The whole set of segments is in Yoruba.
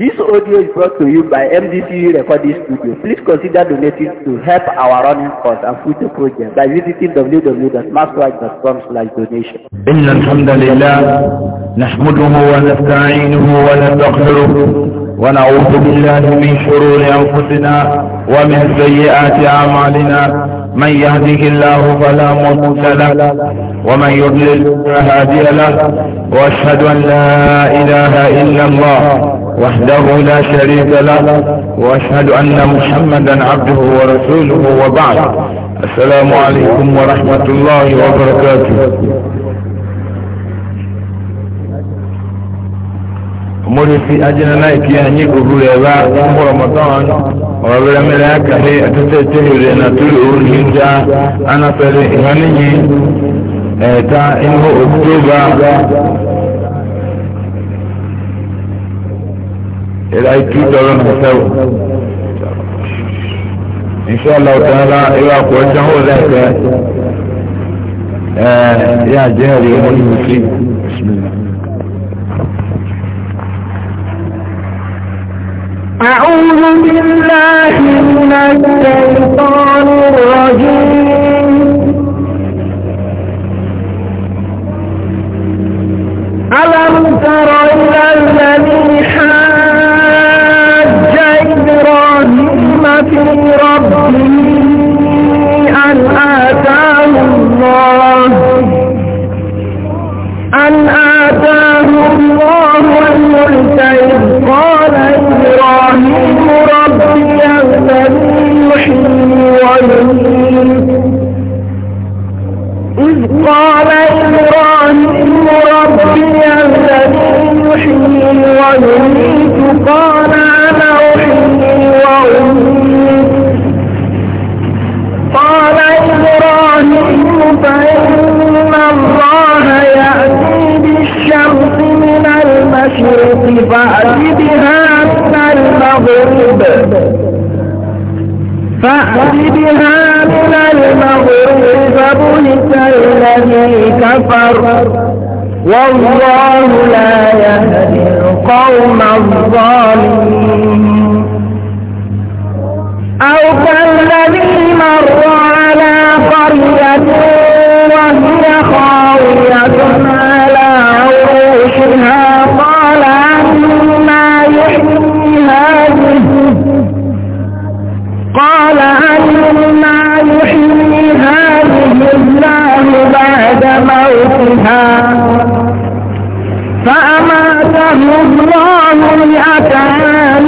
This audio is brought to you by MDCU Recording Studio. Please consider donating to help our running costs and future projects by visiting www.maxwatch.com slash donation. إن الحمد لله نحمده ونستعينه ونستغفره ونعوذ بالله من شرور أنفسنا ومن سيئات أعمالنا من يهده الله فلا مضل له ومن يضلل فلا هادي له واشهد أن لا إله إلا الله وحده لا شريك له واشهد ان محمدا عبده ورسوله وبعد السلام عليكم ورحمة الله وبركاته murisi ajina na ikiyanyi kuhureba mu ramadan wabiramira yakahe atatetehere na tulu turi uruhinja anasare ihanenye ta inho oktoba الاي كي دولة مساوي إن شاء الله تعالى إلى قوته ذاك آه، يا جاري يا مسلم بسم الله أعوذ بالله من الشيطان الرجيم في ربي أن آتاه الله أن آتاه الله الملك إذ قال إبراهيم ربي الذي يحيي ويميت إذ قال إبراهيم ربي الذي يحيي ويميت فأت بها من المغرب فأت بها من المغرب فبهت الذي كفر والله لا يهدي القوم الظالمين أو كالذي مر على قرية وهي خاطئة بعد موتها فأماته الله مئة عام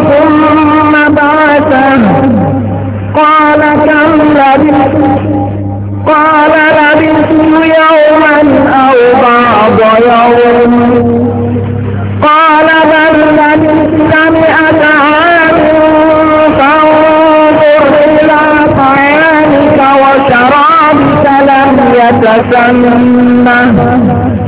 ثم بعثه قال كم لبثت قال لبثت يوما أو بعض يوم وسلم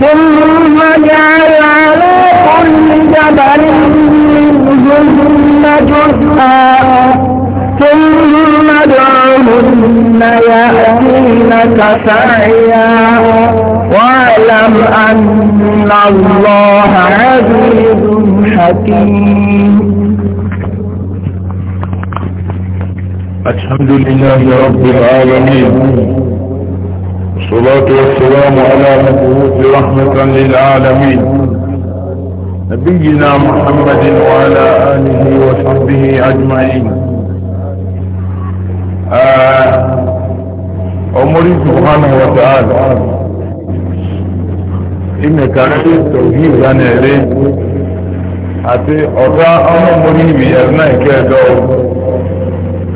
ثم جعل على كل جبل منهن جزءا ثم ادعهن يأتينك سعيا واعلم أن الله عزيز حكيم الحمد لله رب العالمين الصلاة والسلام على مبعوث رحمة للعالمين نبينا محمد وعلى آله وصحبه أجمعين آه، أمري سبحانه وتعالى إن كانت التوحيد عن إليه أتي أضاء أمري بيرنا كذا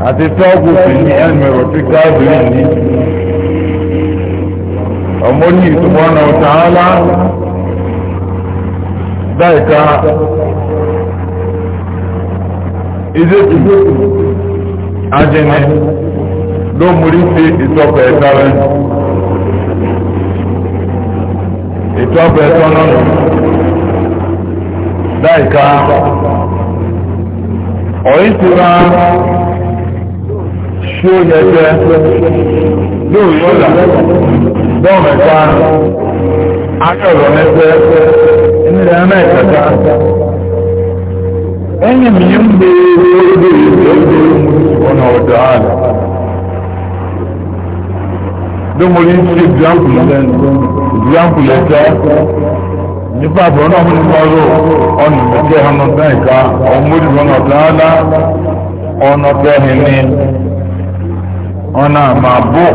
أتي تاقو في النعم وفي كاذرين ọmọlì ìtùmọ̀nà ọ̀tàálá dáìka ìzẹ́tù ajẹ́nẹ́ ló múrí sí ìtọ́pẹ̀ ẹ̀ta rẹ̀ ìtọ́pẹ̀ ẹ̀tọ́ náà dáìka ọ̀ìtura ṣó yẹ jẹ́ lóòrùn ọ̀la dọ́ọ̀mù m akẹ́rọ̀ n'ẹgbẹ́ nílẹ̀ amẹ́ẹ̀kẹta ẹ̀yìn mi ń gbèrè orí ìgbèrè ebe ọ̀dọ̀ àlẹ́ dọ́mọlé ń ṣe ìdíyàmpù lẹ́nu ìdíyàmpù lẹ́tọ́ nípa àbúrò náà na ní kọ́ ọnụ ọ̀nà ìgbẹ́kẹ̀ ọ̀nà ọ̀dọ̀ ẹ̀ka ọ̀mọ́dé ọ̀nà ọ̀dọ̀ ala ọ̀nà ọ̀dọ̀ ẹ̀hìn ọ̀nà àmàbò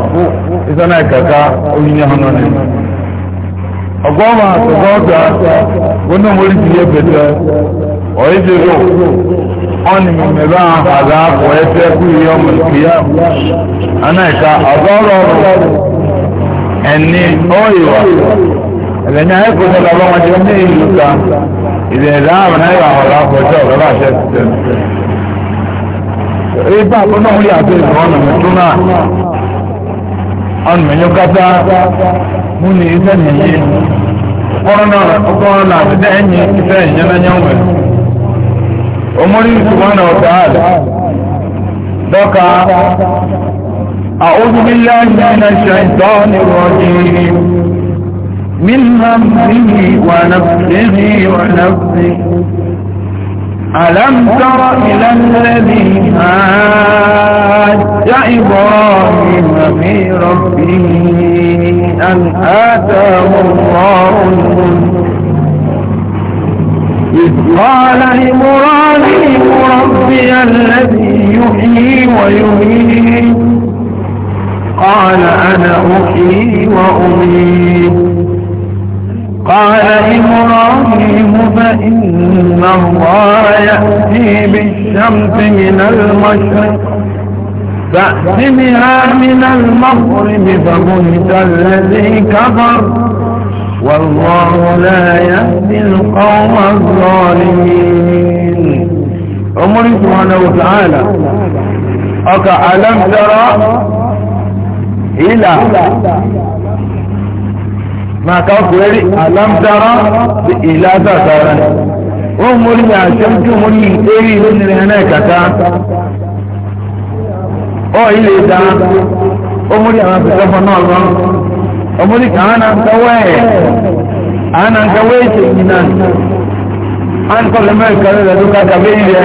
ìsọ́nà ìkẹ̀kà oyin ọ̀nà ni ọgọ́mà àtọ̀gọ́ ọ̀gá gbọ́nà mórí ti yẹ pẹ̀tẹ́ ọ̀ẹ́dẹ̀rọ̀ ọ̀nì mẹ̀mẹ̀rẹ̀ àhàdà àpọ̀ ẹ̀fẹ́ kú iye ọmọ ìkìyà ọ̀nà ìka ọ̀gọ́rọ̀ ọ̀rọ̀ ẹni ọ̀yọ̀ ẹ̀lẹ́nyà ẹ̀kọ́ ní ọ̀làbọ̀n wọn jẹ́ ní ìlú ká ìdẹ̀ẹ̀dá àmì náírà ọ̀là àpọ̀ ẹ̀fẹ́ ọ̀rọ̀ àṣẹ ebe a kọ́nà ụlọ àti ìlú ọ̀nà ọdún náà ọ̀nà ẹ̀yọ́ kátá mú ní iṣẹ́ nìyí ọ̀rọ̀ náà ọkọ̀ ọ̀rọ̀ náà ti dẹ́ ẹ̀yìn iṣẹ́ ìyẹn náà yẹn wẹ̀ ọmọdé ìṣùgbọ́n náà ọ̀tá àlẹ́ أعوذ بالله من الشيطان الرجيم من همه ونفسه ونفسه ألم تر إلى الذي حاج إبراهيم في ربه أن آتاه الله الملك إذ قال إبراهيم ربي الذي يحيي ويميت قال أنا أحيي وأميت قال إبراهيم فإن الله يأتي بالشمس من المشرق فأت بها من المغرب فبهت الذي كفر والله لا يهدي القوم الظالمين عمر سبحانه وتعالى أك ألم ترى إلى ma ka kweri alamtara da ilata tsaron wọn mori na shamki mori eri ne ne hana kata o ile da o mori a mafi kafa na ọzọ o mori ka ana kawai ana kawai ce gina an kwallo mai kare da duka ka bai ile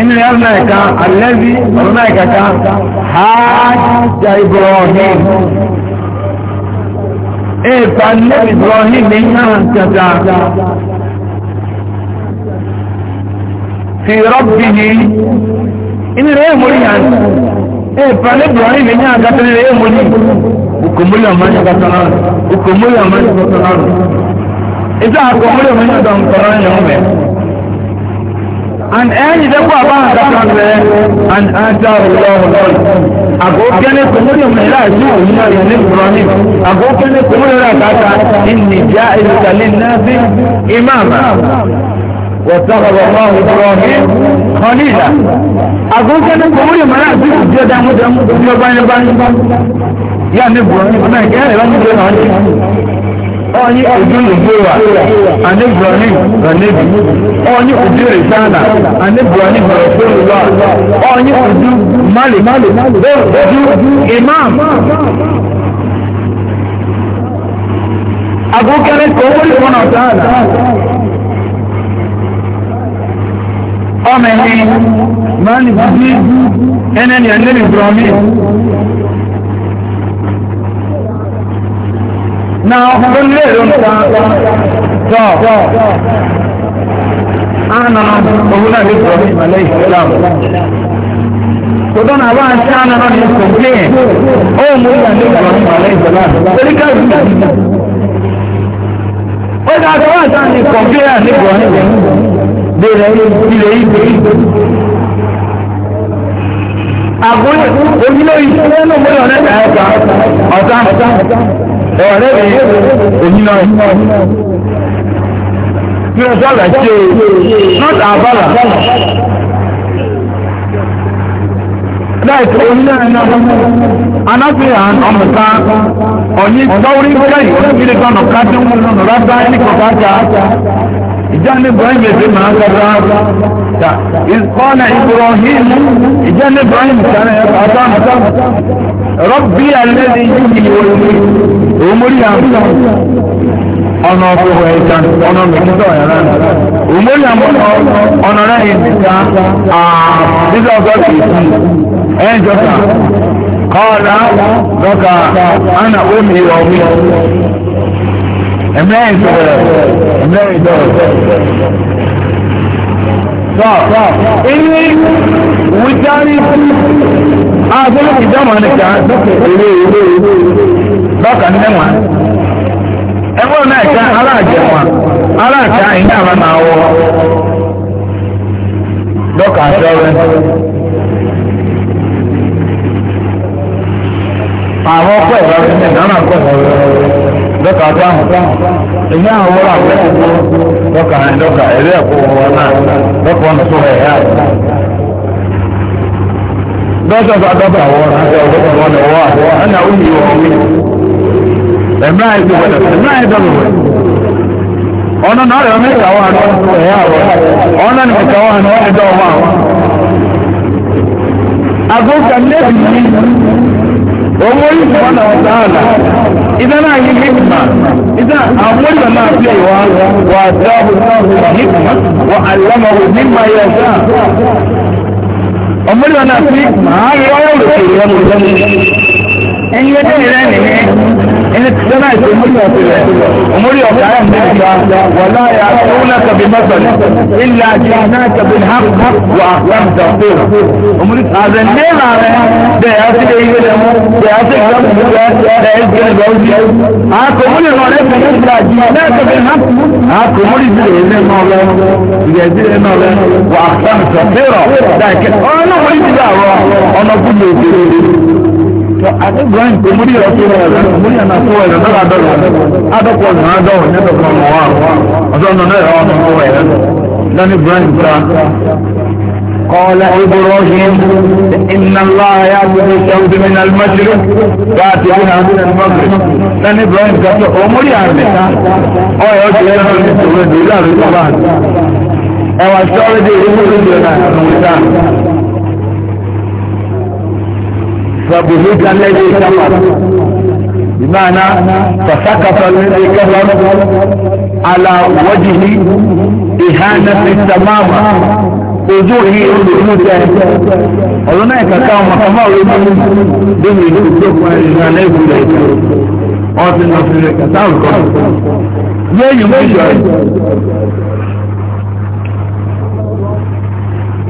inu ya na ka allazi na ka ha ja ibrahim ẹ̀ẹ̀kọ́ alẹ́bì lọ nílé náà kẹta fi rọ́bì yìí inú rẹ̀ mórí yàn ẹ̀ẹ̀kọ́ alẹ́bì lọ nílé náà kẹta rẹ̀ mórí òkòmórí ọmọ ní kọta náà òkòmórí ní náà ìjọ àkọmórí ọmọ and ẹ̀yìn dẹ́kun àbáhàn kankan bẹ́ and ata ọlọ́run lọ́rùn àgókẹ́lẹ́ kòmúlò mẹ́lá sí òun náà yẹn ní ìfúnni àgókẹ́lẹ́ kòmúlò rà kàkà ìnìjà ìrìkàlẹ̀ náà sí ìmáàmà واتخذ الله ابراهيم خليلا اقول كان قولي ما نعرف جدا دام دام دام بان بان يا نبوة انا جاي انا جاي onye udiri gowa ani ibrahim anabi onye udiri sana ani ibrahim rasulullah onye udu malik udu imam agogere kowori mọnà sáàlà ọmọ ẹni máa ní bíbí ẹnẹni ẹnẹni ibrahim na ọhụrụ nlere nta tọ ana òun náà lè sọ ní ìmọ̀lẹ́ ìsìlámù tọ́tọ́nà àbá àti àná náà ní kòmíìn ó mú ìgbà ní ìgbà ní ìmọ̀lẹ́ ìsìlámù torí káàdì ìgbà ó dáa tó wà sáà ní kòmíìn àti ìgbà ní ìgbà ní ilẹ̀ ìgbà àgbóyè onílóyè mọ́lẹ̀ ọ̀nẹ́ta ẹ̀ta ọ̀tá ọ̀rẹ́bẹ̀ onílóyè tí ó sọ́lá tí ó nọ́tà àbálà láìsí onílóyè náà anáfíhàn ọmọta ọ̀yí tọ́wọ́rí kẹ́yìn onílóyè tọ́nà kájú mú lọ́nà látà ẹnìkọ̀ọ́ta ìjánibọ̀ ẹ̀yẹ̀dẹ̀ máa ń kọ́ra ta ìkọ́nà ibrahim ìjánibọ̀ ẹ̀yẹ̀dẹ̀ àtàn rọ́bì alẹ́dẹ̀ yìí wọlé òmórí àmì ọ̀nà ọ̀fọ̀wọ̀ ẹ̀jàn ọ̀nà mẹ́tọ́ ẹ̀rọ òmórí àmì ọ̀nà rẹ̀ ìdíkà àbísọ̀ ọ̀gọ́sì ẹ̀jọ̀ta kọ́ọ̀lá lọ́kà ánà omi ọ̀mí ẹ̀mẹ́ ìdọ̀rọ̀ ẹ̀mẹ́ ìdọ̀rọ̀ tọ́ inú wùjárí agbóhùn ìjọmọ̀ nìkan èrè èrè bákan mẹ́wàá ẹgbọ́n náà ká aláàjẹwà aláàká ìní àwọn náà wọ́ dọ́kà àjọrẹ́ àwọn ọkọ̀ ẹ̀rọ ẹ̀rọ ẹ̀rọ ẹ̀rọ dọ́kà dáhùn ìyá àwọn wọ́n àgbẹ̀kọ̀ dọ́kà ẹ̀ dọ́kà ẹ̀rí ẹ̀kọ́ wọn náà dọ́kà ọ̀nà tó rẹ̀ yá dọ́kà bá dọ́kà wọn àti ọ̀dọ́kà wọn lọ wá ẹ̀nà ó yìí wọ́n mi ẹ̀mí àyè ti wọlé ẹ̀mí àyè dọ́kà wọlé ọ̀nà náà rẹ̀ mẹ́ta wà ní ẹ̀yà rẹ̀ ọ̀nà ní mẹ́ta wà ní ẹ̀dọ́ wọn àwọn. àgọ́ omori subhana wa ta'ala idan an yi hikma idan amuri da na fiye wa wa dahu hikma wa allamahu mimma ya sa omori da na fi ma ha yi wa yau da ke yi wani zan yi ɗan yi ɗan náà ṣe múlò ọ̀fẹ́ múlò ọ̀fẹ́ ayé mẹ́ta wọ̀lá ya tóun náà kàbí mẹ́sàn ilé ajé náà kàbí hàpù wà àkàmùtà tó àzẹ̀ nílà rẹ̀ dẹ̀ ẹ́ sì lè yé lẹ́mú dẹ̀ ẹ́ sì gbẹ́mú dẹ̀ ẹ́ sì gbẹ́mú ọ̀sì àkòmúlò náà rẹ̀ fún ilé ajé náà kàbí hàpù àkòmúlò sì lè yé náà lẹ́ ìgbẹ́ sí lè náà lẹ́ wà àkàmùtà tó rọ̀ dàkẹ́ ọ̀nà wọ́n ti dà rọ̀ ọ̀nà kúndùn òkèrè àti ibrahim tó múrí ẹ̀ tó rẹ̀ rẹ̀ múrí ẹ̀ náà tó rẹ̀ náà dọ̀rọ̀ adọ́kọ̀ ọ̀nà adọ́wọ̀ ní ẹ̀dọ̀kọ̀ ọ̀nà wa ọ̀sán ọ̀nà náà ọ̀nà ọ̀wọ̀ ẹ̀ lẹ́nu ibrahim ta قال ابراهيم ان الله يعبد الشمس من المشرق ياتي بها من المغرب لان ابراهيم قال امر يا عمتا او يا شيخ الله الله ẹ wà sọ́ọ́rẹ́dẹ̀ ìlú ìlú ìlú náà فبهت الذي كفر بمعنى فسقط الذي كفر على وجه إهانة تماما ojú ní olùdókòwò tẹ ọ̀rọ̀ náà kàkà ọmọ kàmá òwe mú débi ìdókòwò ẹ̀yìn alẹ́ ìfúnlẹ̀ ìta ọ̀sìn ọ̀sìn rẹ̀ kàtà ọ̀kọ́ yẹ́yìn mú ìjọ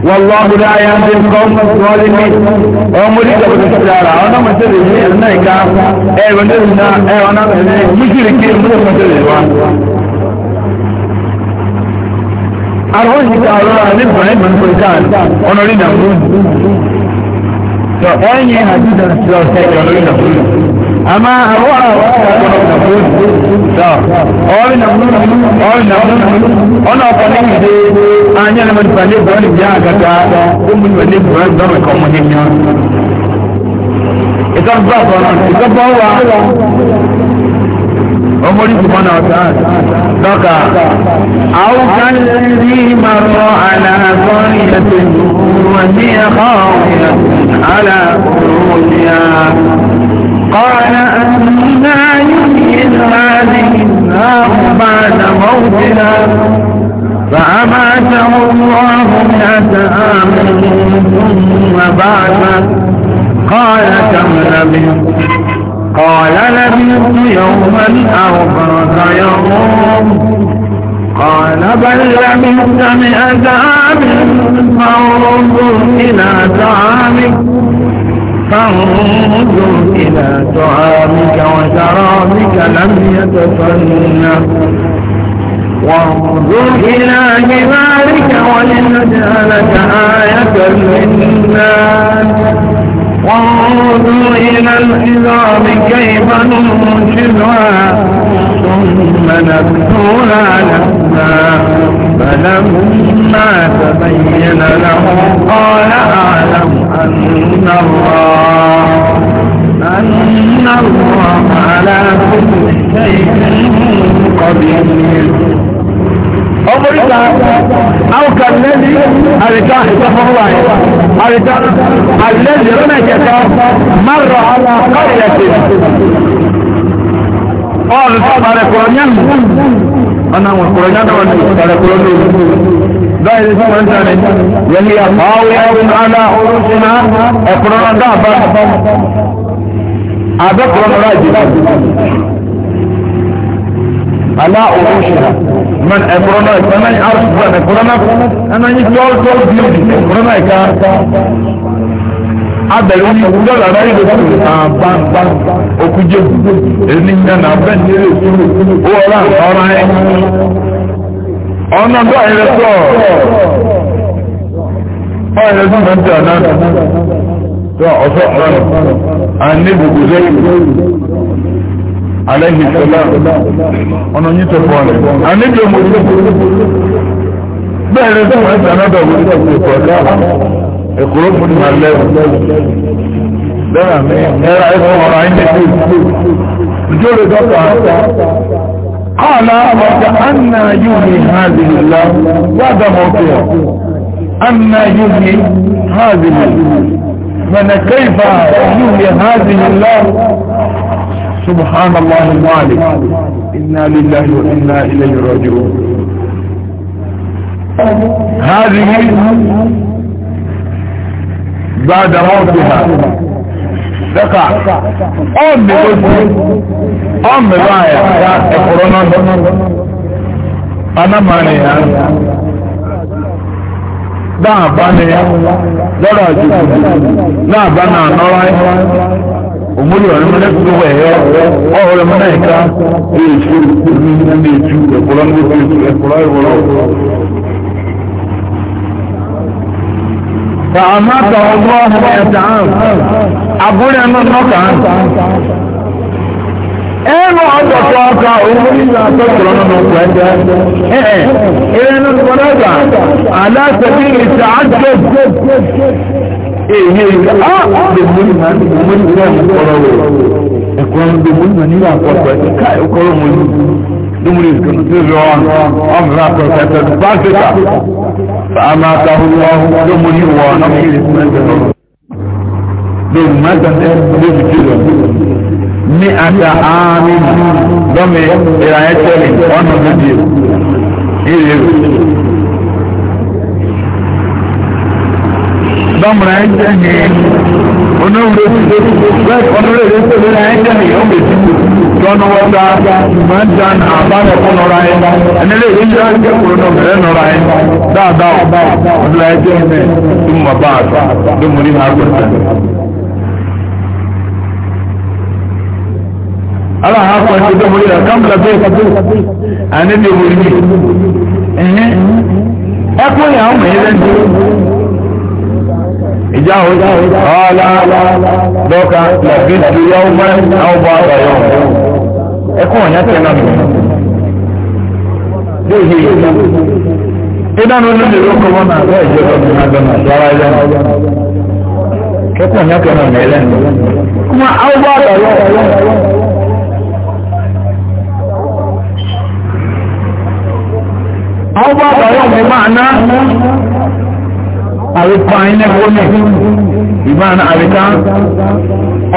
والله لا يهدي القوم الظالمين ومريد ابو السجارة انا مثل انا ايكا اي ونرنا اي انا مشركين من مثل الوان أرهن يتعرض عن إبراهيم من فرسان ونريد أمرون فأني حديث السلام سيدي ونريد أمرون àmà àwọn àwọn ọ̀nà ọ̀pọ̀ ní ìdè ányá ní mọ̀tí pàdé bọ́ọ̀ ní bíyà àgàgà ó mú ìwé ní bọ́ọ̀ dọ́rọ̀ ẹ̀kọ́ mú ní yàn. ìtọ́jú àbọ̀ náà ìtọ́jú wa ọmọdé kùmọ̀ náà ọ̀tá dọ́kà àwọn kan ní ìmọ̀ràn àlàáfọ́ ìyẹ̀tẹ̀ wọ́n ní ẹ̀kọ́ قال أنا يحيي هذه النار بعد موتها فأماته الله مئة عام ثم بعثه قال كم لبثت قال لبثت يوما أو بعض يوم قال بل لبثت مئة عام فانظر إلى طعامك فانظر إلى طعامك وشرابك لم يتصنع وانظر إلى جبالك ولنجعلك آية للناس وانظر إلى العظام كيف ننشدها فنبذوها نفسا فلما تبين له قال أعلم أن الله أن الله على كل شيء قدير أمرك أو كالذي أرجع سفر الله أرجع الذي رمى مر على قرية all para colonial ana mo colonial na wani para colonial dai ne sun wanta ne yani ya hawi abun ala urusina e corona da ba ada corona raji ala urusina من أبرنا من أرسل أبرنا أنا يجي all told building أبرنا كذا abẹ̀rẹ̀ ní dọ́là ráyè lóṣù àbáńbá okújẹ́bù ẹni nana abẹ́ nílé ó ọ̀rá ọ̀rá ẹ̀ ọ̀nà bá ẹ̀rẹ́ sọ ọ̀ ẹ̀rẹ́ sọ náà ti àná tó ọ̀sọ́ ọ̀rá nù àní gbogbo lẹ́yìn alẹ́ ìṣẹ̀lá ọ̀nà yìí tẹ̀ fọ́ ọ̀rẹ́ àní bí ọmọ ìṣẹ̀lá bẹ́ẹ̀ ẹ̀rẹ́ sọ náà ti àná dọ̀ القلوب لا ده ايه عيسى مرعين فيه الجول دفع قال وكأنا يهي هذه الله وهذا موتها أن يهي هذه الله من كيف يهي هذه الله سبحان الله المالك إنا لله وإنا إليه راجعون هذه gbada mọ́tò ha dẹ́ka ọ̀mẹ́lẹ́gbẹ́ ọ̀mẹ́lẹ́ àyà ya ẹ̀kọ́rọ́ náà anamani ya dáàbá ni ya lọ́rọ̀ àjòkò dáàbá náà nọ́ra ẹ̀ òmúlò ọ̀rẹ́ mọ́lẹ́ tó wẹ̀ ẹ́ ọ̀rẹ́ mọ́lẹ́ ìka èyí ṣe ní ìtú ẹ̀kọ́rọ́ ní ìtú ẹ̀kọ́rọ́ ìwọ́rọ̀ فأماته الله مئة عام أقول أن النقع ẹnu ọgbọ̀tọ̀ ọkà orílẹ̀ àtọ́kùrọ̀ náà ọkọ̀ ẹ̀jẹ̀ ẹ̀ẹ́ ẹnu gbọ́dọ̀gbà aláṣẹ́bí ìṣẹ́ àjọ èyí ìgbà ọ̀dẹ̀mọ́lì máa ń gbọ́mọ́lì náà ń kọ́rọ̀ rẹ̀ ẹ̀kọ́ ọ̀dẹ̀mọ́lì máa ń nílò àpọ̀tọ̀ ẹ̀ká ẹ̀kọ́rọ̀ mọ́lì دمري سرعان أمرك فتتباسك فأماته الله دمري ونمشي لسمك دم مدن دم جزم مئة عام دم إلى يتلين وانا نجيب إيه دم رأيتني ọ̀nà tọ́nùwọ́ta mẹ́ta ní àbárẹ̀kún nọ́ra ẹ̀ ẹ̀nẹ́lẹ̀ ìjọ ẹgbẹ̀kùn náà mẹ́rẹ́ nọ́ra ẹ̀ dáadáa ọdún ẹjọ́ ẹ̀mẹ́ tó mọ̀ bá àtọ́ tó mú ní àgbẹ̀ta ala ha kwan ti dɔn mɔlila kan bila bɛɛ ka bɛɛ ani bɛ wuli ɛhɛn ɛkò yà ɔmɛ yɛlɛ ní ìjáhùn ọ̀la lọ́ka lọ́bìtì yọ́wọ́ mẹ́rin àwọn bọ́ àgbàyọ̀ ẹkún ọ̀yá tẹ̀ náà nìyẹn. Bí èyí yìí ìdánù ní ìlú kọ́mọ́ náà lọ́ọ̀ ìjọba ní Adọ́nà sára ilẹ̀ náà. Kẹ́kọ̀ọ́ ọ̀yá tẹ̀ náà mẹ́lẹ̀ nù. Kúmọ̀ àwọn bọ́ àgbàyọ̀ àwọn bọ́ àgbàyọ̀ mi máa ná àríkọ ayínlẹ̀ fóní ìbáná àríká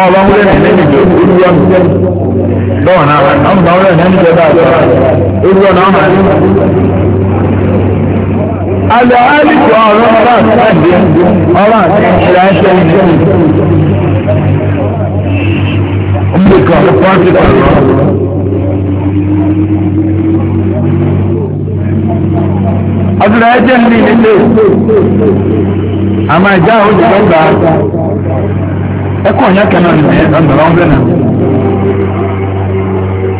ọlọ́wọ́lẹ̀ rẹ̀ lẹ́nu ìjọ olúwọ́n lọ́wọ́ náà rẹ̀ ọmọ ọlọ́wọ́lẹ̀ lẹ́nu ìjọ bá sọ olúwọ́n náà máa ní. Àlọ́ àríkọ ọ̀rọ̀ ọ̀rọ̀ àti ọ̀rọ̀ àti ìṣẹ̀lẹ̀ ẹ̀ṣẹ̀ ìṣẹ̀lẹ̀. Ó ń bè kọ́ ọ̀rọ̀ pọ́ńtì kan lọ́wọ́. ọdún ẹ jẹ́ ní ilé àmà ìjà òjò lọ́gbà ẹkọ̀ ọ̀nyá kẹ́nà ní ọ̀nà ọ̀gbẹ́ náà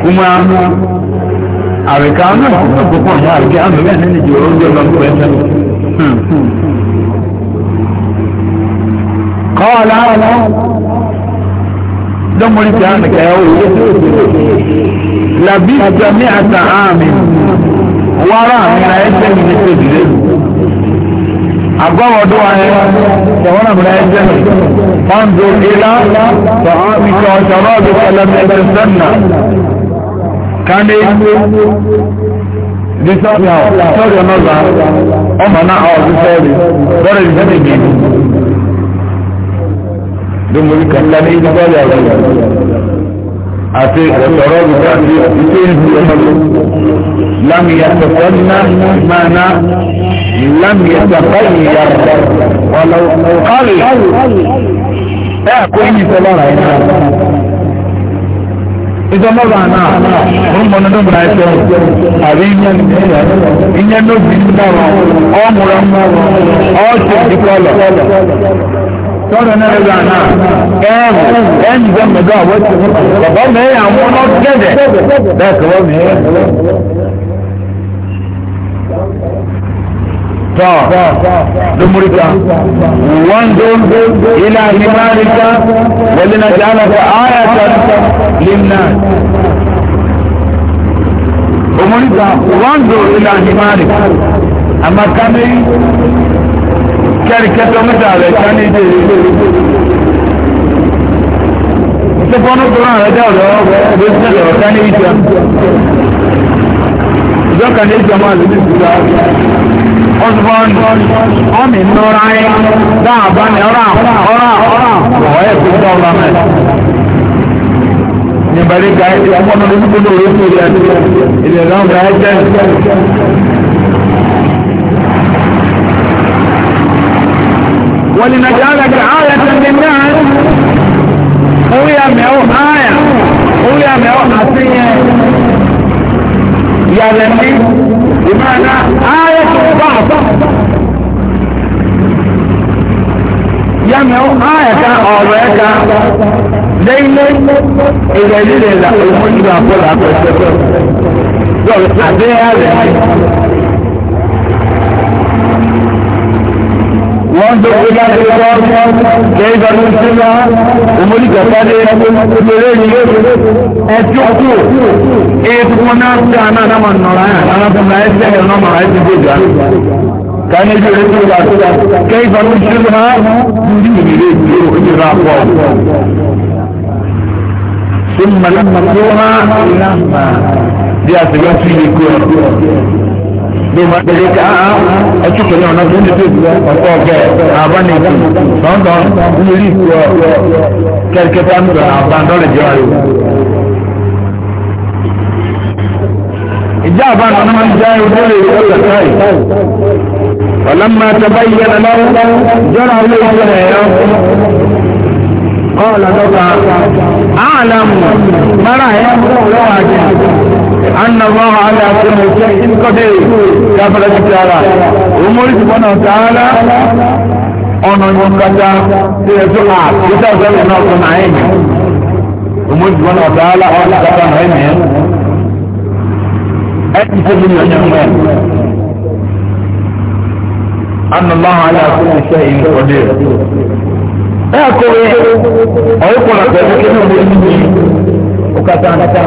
kúmọ́ àríkà ọ̀nà ìkúmọ̀ púpọ̀ ọ̀nyá àríkà ọ̀nà bẹ́ẹ̀ ní ìjọ oúnjẹ lọ́gbà ẹ̀fẹ́ kọ́ọ̀lá dọ́mọ̀rí tí a nìkẹ́ ọ̀wọ́ labi jami àtàhámi wàrà mi na ẹsẹ̀ mi ní ṣe ìdílé agbọ́wọ́dún wa ẹ tẹ̀wọ́n náà mi na ẹsẹ̀ mi fọ́ńdù ilá tọ̀hán mi kọ́ ṣọ̀rọ̀ ọdún ẹsẹ̀ sẹ́nà kánde disọ́ọ̀tì àwọn sọ́ọ̀rì ọ̀nọ́gba ọmọ náà ọ̀dún sọ́ọ̀rì lọ́rẹ̀ ìfẹ́ mi gbìyànjú. Domori kan lani ibi sọ́ọ̀rì àwọn ìyàwó àti ọ̀sọ̀rọ̀ ìgbà tí ìdí ìlú ọmọdé lámìyàtọ̀kọ́ máa ná lámìyàtọ̀kọ́ ìyá ọ̀lọ́kọ́lì ẹ àkó yìí sọlọ́ra ẹ̀ náà ìjọmọ́ra náà ń mọ̀ nínú ìgbà ẹ̀tọ́ àbí ìyẹn lóbi ń dára ọmọ rẹ̀ ọ̀ṣẹ̀ ìkọlọ̀ tọ́rọ náà rẹ̀ náà ẹ̀rù ẹ̀yìn jẹ́ mẹ́jọ àwọn ti mú bàbá mẹ́rin àwọn ọ̀nà gẹ̀dẹ̀ bẹ́ẹ̀ kọ́ mẹ́rin. tọ́ lómúríkà wọ́n tó ilá ìmárìkà wọlé náà jẹ́ àlọ́kọ̀ ayàtọ̀ lẹ́mìnà. lómúríkà wọ́n tó ilá ìmárìkà àmàkàmẹ́rin kẹ́rìkẹ́tọ́ mẹ́ta rẹ̀ ká ní ìdè ìlú. Ìṣẹ́fọ́nú tó rán rẹ̀ dá ọ̀dọ́ ọ̀gbẹ́ ìṣẹ́lẹ̀ ọ̀tá ní ìjà. Ìjọ́ka ní ìjà máa lórí ìgbà. Ọ̀sùnfọ́n ọmọ ìnura ẹ̀ dáàbá ni ọ̀rà ọ̀rà ọ̀rà ọ̀ẹ́ fi dá ọ̀rà mẹ́. Ìyẹ̀bẹ̀rẹ̀ ga ẹ̀ ọmọ náà lórí ìgbà ولنجعلك آية للناس ويا ميو آية ويا ميو حسية يا لني بمعنى آية ضعف يا ميو آية أولئك ليلة إذا ليلة لا أمون بأقول أقول أقول أقول أقول أقول wọ́n tó kó láti lọ́wọ́ kéjọ ní sílá òmòlì kẹfàdé ìpínlẹ̀ ní ẹjọ́kù ètùkún náà sí àná náà mọ̀ nọ̀rọ̀ àyàn alábọ̀nà ẹsẹ̀ ẹ̀rọ mọ̀ ẹsẹ̀ gbèjà kàní ju rẹ̀ tó wà kéjọ ní sílá ní ìrìnlẹ̀ ìgbèrò ìjìnlẹ̀ àpọ̀ ثم لما قوها لما دي أسجد في الكورة dèmọ àgbèlè ká ọtúkọ ní ọ̀nà tó ń dìbò ọ̀pọ̀ ọ̀gẹ̀ àbánìkù lọ́ńdọ̀ nílí ìkú ọ kẹ́kẹ́tà ń sọ àbáńdọ́lẹ̀ jẹ́ ọ̀rẹ́ ìjà àbáńdọ̀ ọ̀nà máa ń jẹ́ ìdílé ọ̀sẹ̀ káì ọ̀làmà tàbáyé lọ́wọ́ jọ́ra ilé ìjọ ẹ̀yọ́ kọ́ ọ̀làdọ́gba àlàmù mara ẹ̀ lọ́wọ́ àjẹ́ أن الله على كل شيء قدير كفر الجارة ومر سبحانه وتعالى أنا ينقطع في سرعة إذا زال ناس معين ومر سبحانه وتعالى أنا قطع معين أنت من يعلم أن الله على كل شيء قدير. Ẹ kò rí ọ̀rẹ́kùnrin àti ẹ̀kọ́ kí ni mo ní ní ọ̀kàtàkà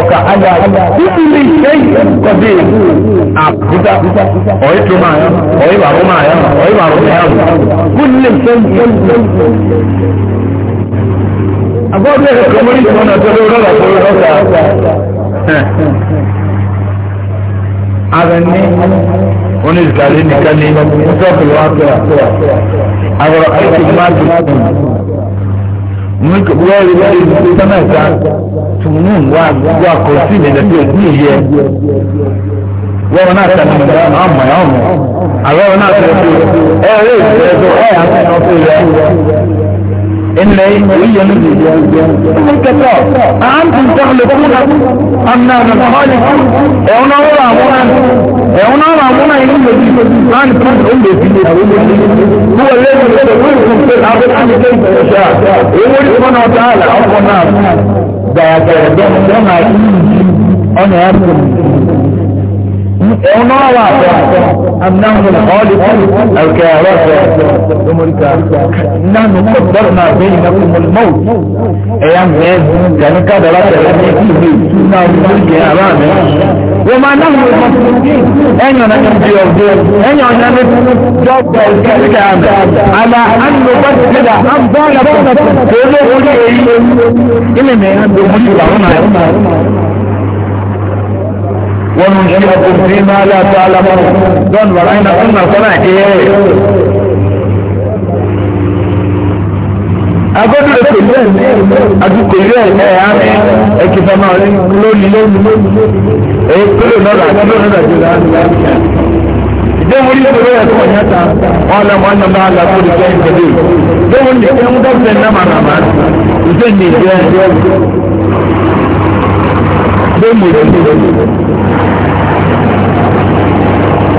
ọ̀kà àyà títúlé ìṣẹ́yìn kọ́dé àbúdá ọ̀yí tó máa yọ ọ̀yí wàrú máa yọ ọ̀yí wàrú máa yọ kúlẹ̀ ìṣẹ́yìn àbọ̀dé ẹ̀kọ́ mọ́ ìṣẹ́ ọ̀nà tó lọ́wọ́ lọ́wọ́ fún ọ̀gá ààrẹ ní oníṣẹ́lẹ̀ nìkan ní ọjọ́ ìwà àgbẹ̀rẹ̀ àwọn àìsàn máa dùn wẹ́ẹ̀rí wẹ́ẹ̀rí ní sọ́mẹ̀ta tùmù wà wà kò sí ìdẹ̀dẹ̀ tí òkú yẹ wọ́n náà tẹ̀lé ọmọ ọmọ ọmọ ọmọ àwọn náà tẹ̀lé ọmọ ẹ ẹ yóò tẹ̀lé ọmọ ẹ yà sẹ́yìn ọmọ yẹ ilẹ̀ ìyẹ́ ní ìdíje ọmọ kẹtọ à ń tún tẹ̀lé fún ọmọ náà nàmọ́ ọ̀lẹ̀ ẹ̀wọ̀n náà wọ́n àwọn náà ẹ̀hún náà máa múná inú lòdì láàrin fún ọ̀sẹ̀ òun lòdì ní àwọn olóòdì ní wọ́n lé ní ọ̀sẹ̀ wọ́n fún pé àwọn kan lè tẹ̀sẹ̀ ṣá owó ní fọ́nà ọ̀tá àlà ọkọ̀ náà dàgbẹ̀rẹ̀ dọ́nà ọ̀nà ẹ̀kọ́ ẹ̀hún náà wà fẹ́ anáhùn ọ̀ọ́lùkù ẹ̀kẹ́ ọ̀rọ̀ fẹ́ lọ́mọdéka nánú kò gbọ́dọ̀ náà bẹ́yìn náà kò mọ̀ mọ́ ẹ̀yà mẹ́ẹ̀ gani kádàrá tẹ̀lé ní ìlú ìlú náà ló ń jẹ ara mi. wọ́n máa náà wọ́n mọ̀ ẹ̀yàn náà ní bí ọ̀gbẹ́ ẹ̀yàn náà ní dọ́gba ìkẹ́kẹ́ وننشئكم فيما لا تعلمون دون ورأينا قلنا صنع ايه agbọ́dọ̀ lè pè lẹ́ẹ̀ àdúgbò ilé ẹ̀ àmì ẹ̀kìfà máa rí lónìí lónìí èyí kúrò lọ́la àti lónìí nàìjíríà ìdẹ́wọ̀n ilé ìwé ẹ̀kọ́ ìyáta wọn lọ wọn lọ máa làkó lè jẹ́ ìgbẹ́lẹ̀ ìdẹ́wọ̀n ilé ìwé ẹ̀kọ́ ìfẹ́ nàmà nàmà ìfẹ́ nìyẹn ìdẹ́wọ̀n ilé ìwé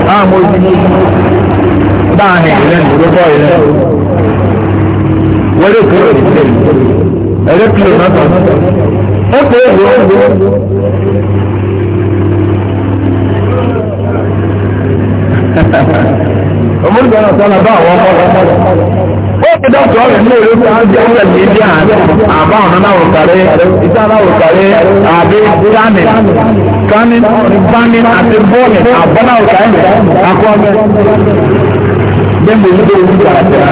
máa mọ ibi ní báàrin ìlẹ́nu ló bọ́ ìlẹ́nu wọlé kúrò nílé ẹ̀rẹ́ kúrò náà tán ó pè é wọ́n wọ́n. Omúlùgbà náà sọ́nà bá àwọn ọmọ ọmọ rẹ̀. Ó ti dọ́kítọ̀ rẹ̀ ní èrè fún àjẹ́ ọ̀rẹ́ ní ibi àbá ọ̀nà náà wò kàrí, ìta náà wò kàrí, àbí sáàmì. Standing, standing at scanning scanning àti bọ́ọ̀lì àbọ́nà ọ̀tá ẹ̀ akọ́bẹ̀ dẹ́gbẹ̀ẹ́ ìgbẹ́ ìlú àtẹ̀rà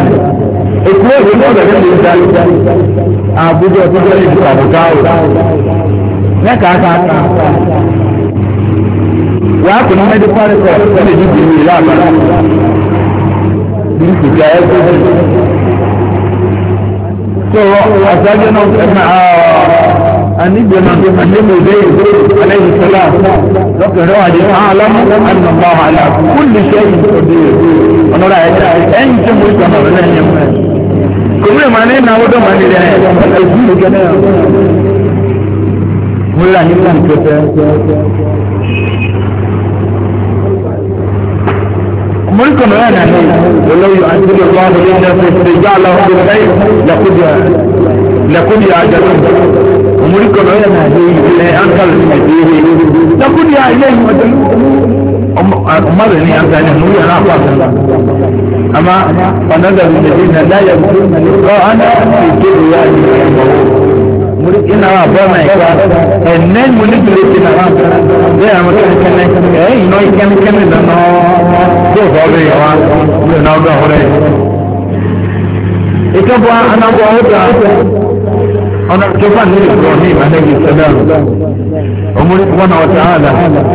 èkó ìwé bọ́ọ̀lù ẹ̀ ló dá lé àbújá ọ̀tọ́jọ́ ìlú àbújá ọ̀tá mẹ́ka ká wàá kò ní mẹ́díkà rẹ̀kọ̀ ẹ̀ lè dìbò ìlú ìlú àbújá bí kìkì ayé tó dé so ọ̀sájú náà ẹ̀ máa. النبي النبي زيد عليه السلام لكن هو أعلم أن الله على كل شيء قدير ونرى أنت مجتمع بين كل ما نينا ودو ما نينا ولا نينا ملكم أنا ولو يعذب الله لنا في استجاله بالخير لقد لقد يعجبون omurikọlọ yẹ na ẹ ankara ti na ẹdíyẹ yẹ lakudi a ilé yìí wọtí ọmọdé ní ankara ní ọmọdé yàrá àpò àtàlà àmà ọ̀nàdà mi nà ẹdíyẹ nàdá yẹ kú ọ àná ètò ìyá yẹ ẹmọ muri ina wa bɔ na ɛka ɛnɛ muni tile ti na wa bɛ yan kɛnɛ kɛnɛ ɛɛ inɔ yi kɛnɛ kɛnɛ na nɔ bɛ bɔ bɛ yan wa bɛ n'aw dɔn o rɛ. ìtọ́bọ̀ anabọ̀ ọ̀dọ̀ أنا كيف أن إبراهيم عليه السلام عمر سبحانه وتعالى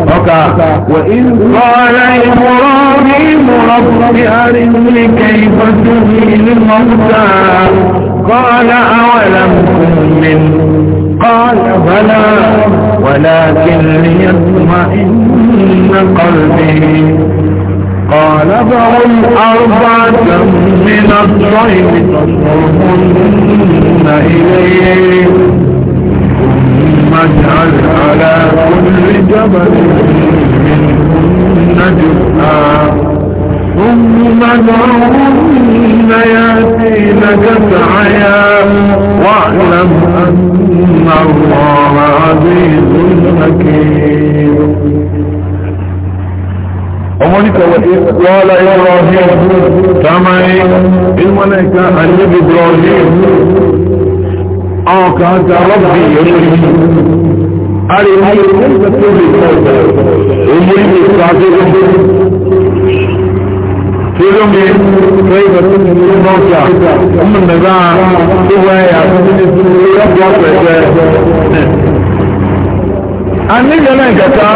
وقع وإن قال إبراهيم رب أرني كيف تحيي الموتى قال أولم تؤمن قال بلى ولكن ليطمئن قلبي قال ذروا الأربعة من الطير تصرفن إليه ثم اجعل على كل جبل منهن جزءا ثم ادعوهن ياتينك سعيا واعلم أن الله عزيز حكيم ọmọdé wọ́ọ́lá ibrahim tamari ilmọ̀lẹ́ka alẹ́bí ibrahim ọkà ta rọ́bì yọ̀lẹ́bí arìnrìn ìgbàtọ́bì omori ìgbàtọ́bì Fílọ́mì fẹ́ẹ̀bẹ̀ tó ní ọjọ́ ọmọ mẹ́ta tó wáyà tó ní ọjọ́ pẹ̀lú àníyànná ìkẹta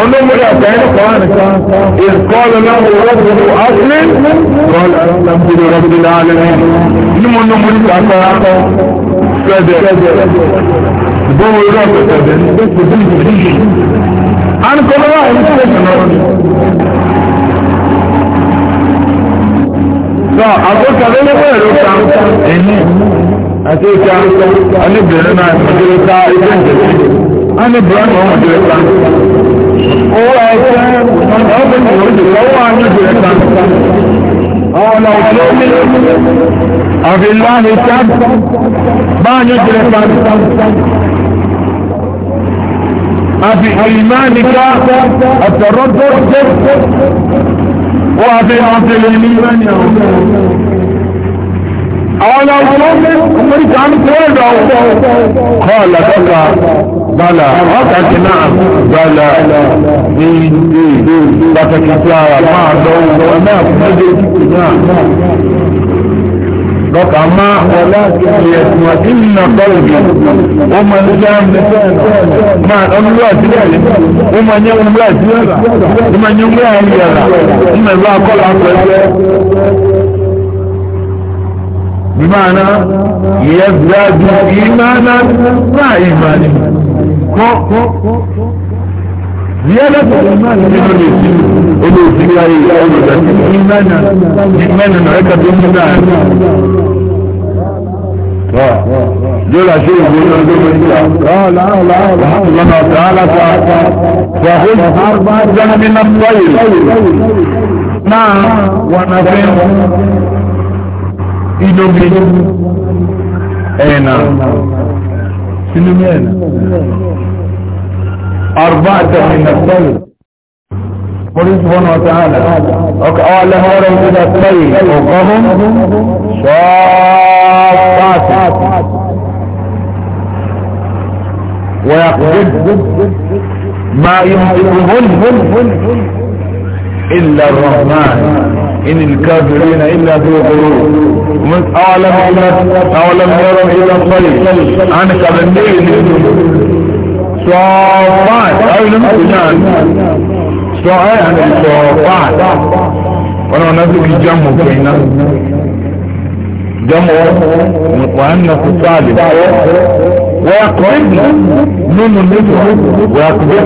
olómúlẹ̀ ọ̀tẹ̀ ìkọlù náà rọ́bùrù áfírí kọlù lábúrú rọ́bùrù láàrin ní mo ní mo ní kàkọ́ fẹ́dẹ̀ bọ́wọ́ irọ́ pẹ̀tẹ̀dẹ̀ ní kọ́lọ́ wà ní tẹ̀sán náà sọ àkókò lọ́wọ́ ẹ̀rọ kan ẹ̀yìn àti ìka oníbìnrin náà ìmọ̀jọ́ ta ilé ìjẹ̀sí ní buhari wọn O jẹrẹ kan owó ẹsẹ ọgbẹ ní ojú lọwọ wọn ní jẹrẹ kan ọ̀nà òṣèlú àbíláhì sáà bá ní jẹrẹ kan àfi ìmáníkà àtọ̀rọ̀dọ̀ wọ́n àfi àwọn tẹ̀lé ní ìmáníkà àwọn ọmọdé kan kúrò lọ kọ́ lọ́dọ́gba bala ọ̀tàkì náà bala ní ìdí pàtàkì tí a rà máa lọ́wọ́ wọn náà fún ẹgbẹ́ ìdíkù náà lọ́kà máa ọlá ìyẹ̀sùn àti ìrìnà bọ́ọ̀dì ó máa ń já máa ọlúwà sílẹ̀ ó máa yẹ ọmọ ìyàrá ó máa yẹ ọmọ ìyàrá ó máa yẹ ọmọ ìyàrá بمعنى يزداد إيمانا مع إيمانه زيادة الإيمان ألوثي أي أولد إيمانا إيمانا عقد إيمان دول عشان يقولون دول قال الله تعالى فخذ أربعة من الطير نعم ونفهم inomi ẹ̀nà sinomi ẹ̀nà أربعة من الطيب قل سبحانه وتعالى قال هرم إلى الطيب فوقهم صافات ويقبض ما يمسكهن إلا الرحمن إن الكافرين إلا في غرور أولم أولم يروا إلا الطريق أنا كبني صافات أو لم تجان صافات صافات وأنا نزل الجمع بينا جمع وأنه صالح ويقبل من النبي ويقبل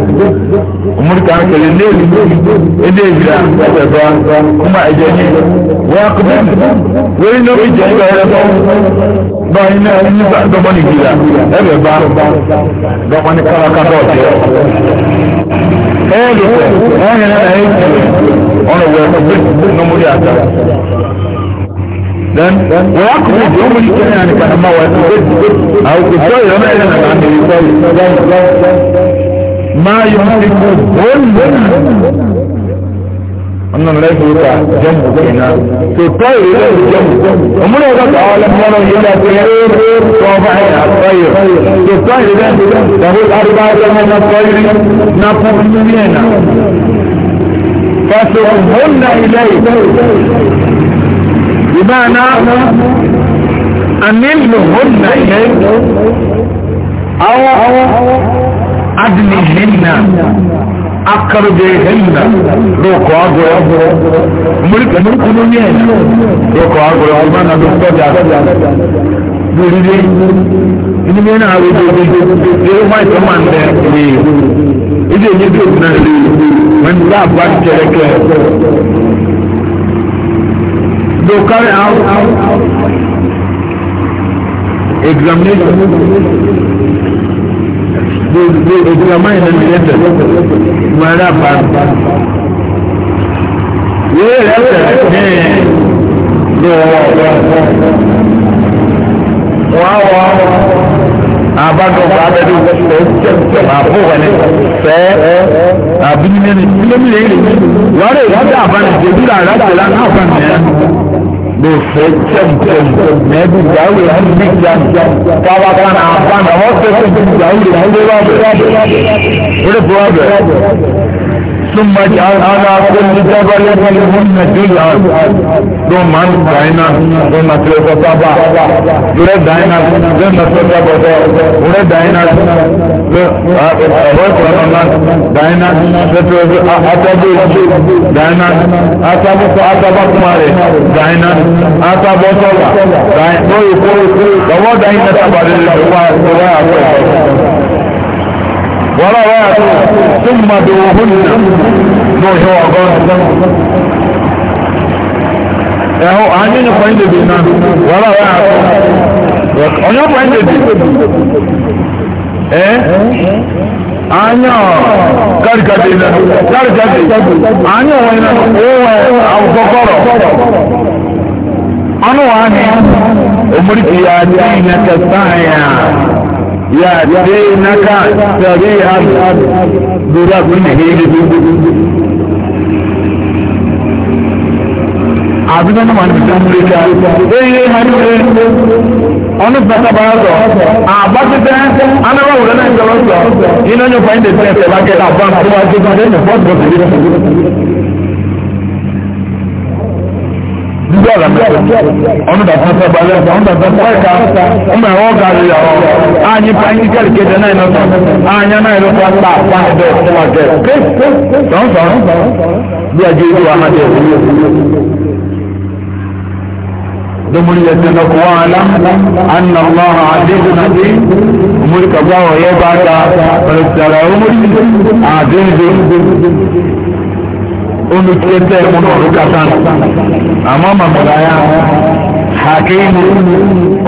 أمرك عنك لليل الليل بلا أسفا كما أجاني ويقبل وإنه إجاني بأيضا بأينا إنه بعد بني بلا أبي بعد بأينا كما كبوت أهل أهل أهل أهل أهل أهل أهل أهل ويقصد يوم الجمعة يعني كان ما أو كسوي وما إلى أن ما يمسكون wannan laifin ka jan kenan to kai ne jan amma ne ga alam wala yana tsayir to ba ya tsayir to kai ne da hu arba da na tsayir na fahimta ne na fasu hunna ilayhi بمعنى أملهن إليك أو أدنهن أقربهن روكو أقوى ملك ملك نمين روكو أقوى أرمانا بمتجع Gbèrìdé, inú mi náà wé gbèrìdé, yóò wá ìtọ́mà ń bẹ̀ rí. Ilé ìyẹ́dẹ́ òkú náà rí, wọ́n ti bá àbá kẹ̀kẹ́ to carry out examination. They, they examine and enter. Mara pa. Yóò lẹ́sẹ̀ ní lọ́wọ́. Wọ́n á wọ abadọ̀ abẹ́dọ̀ àbò wẹ̀lẹ̀ fẹ́ àbínínẹ́ni. Ilé mi lè rí. Wọ́n rè wọ́n dà abánijẹ́ bí làrá tẹ̀lá náà fà nìyẹn do fake champion maybe Dawood has big champion Kawa kan apa nama sesuatu Dawood yang dia bawa. Ini problem. ثم اجعل على كل جبل منهن جزءا ثم دعنا ثم تلقصبا يريد دعنا ثم تلقصبا يريد دعنا دعنا أتبو دعنا أتبو فأتبو كماري دعنا أتبو صلى دعنا نوي كوي كوي دعنا تبارل الله وروات ثم دوهن نوحي وقال ẹ̀họ́ àánínú pẹ̀lú ìdèbè náà wọ́n rà rà ọ̀yọ́ pẹ̀lú ìdèbè ẹ́ àányọ̀ kárìkàdé náà kárìkàdé àányọ̀ wọn náà owó àwùkọ́kọ́rọ̀ ọ̀nà wàá ní omorìkì yà á ní ìyẹn kẹsàn-án yà á. يأتينك سريعا بركنه àbídọ́ náà wà ní ìdámúríkà èyí hàní ọ̀nà ìfẹ́sàbára sọ àbájútẹ́ anáwọ̀wò lẹ́nà ìjọba sọ iná yóò fà ń dẹ̀ sí ẹ̀fẹ̀ lágẹ̀ẹ́ àbá àti wájú dídí ọ̀rọ̀ mẹ́tẹ̀ ọmọdé àtúntò balẹ̀ ọmọdé àtúntò ẹ̀ka ọmọ ẹ̀wọ́ gàrí ọ̀rọ̀ ààyè pàyín kẹ́lì kéde náà ló sọ ààyè náà ló sọ pa àpá ẹ̀dẹ̀ ọ̀túnwà jẹ sọ̀nsọ̀n bí ẹjẹ ìlú wa máa jẹ ìlú domoli yɛ tɛnɛ ko waa la anna allah adiibu na di omoli ka عزيز onu tiye tẹ mu n'olu ka san àmọ́ mamara ya hake mu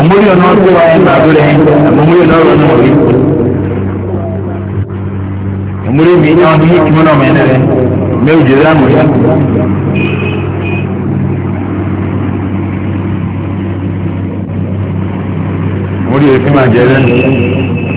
omori ọ̀nà ọ̀sẹ̀ wa yẹn nàá lórí ẹ̀yìn omori ọ̀nà ọ̀rọ̀ ọ̀nà ọ̀rí omori mi ọ̀n ní ìtumọ̀ náà mẹ́rin rẹ̀ mẹ́wù jẹ́rẹ́ àmọ̀ yẹn. omori yẹn fi máa jẹ́rẹ́ nù.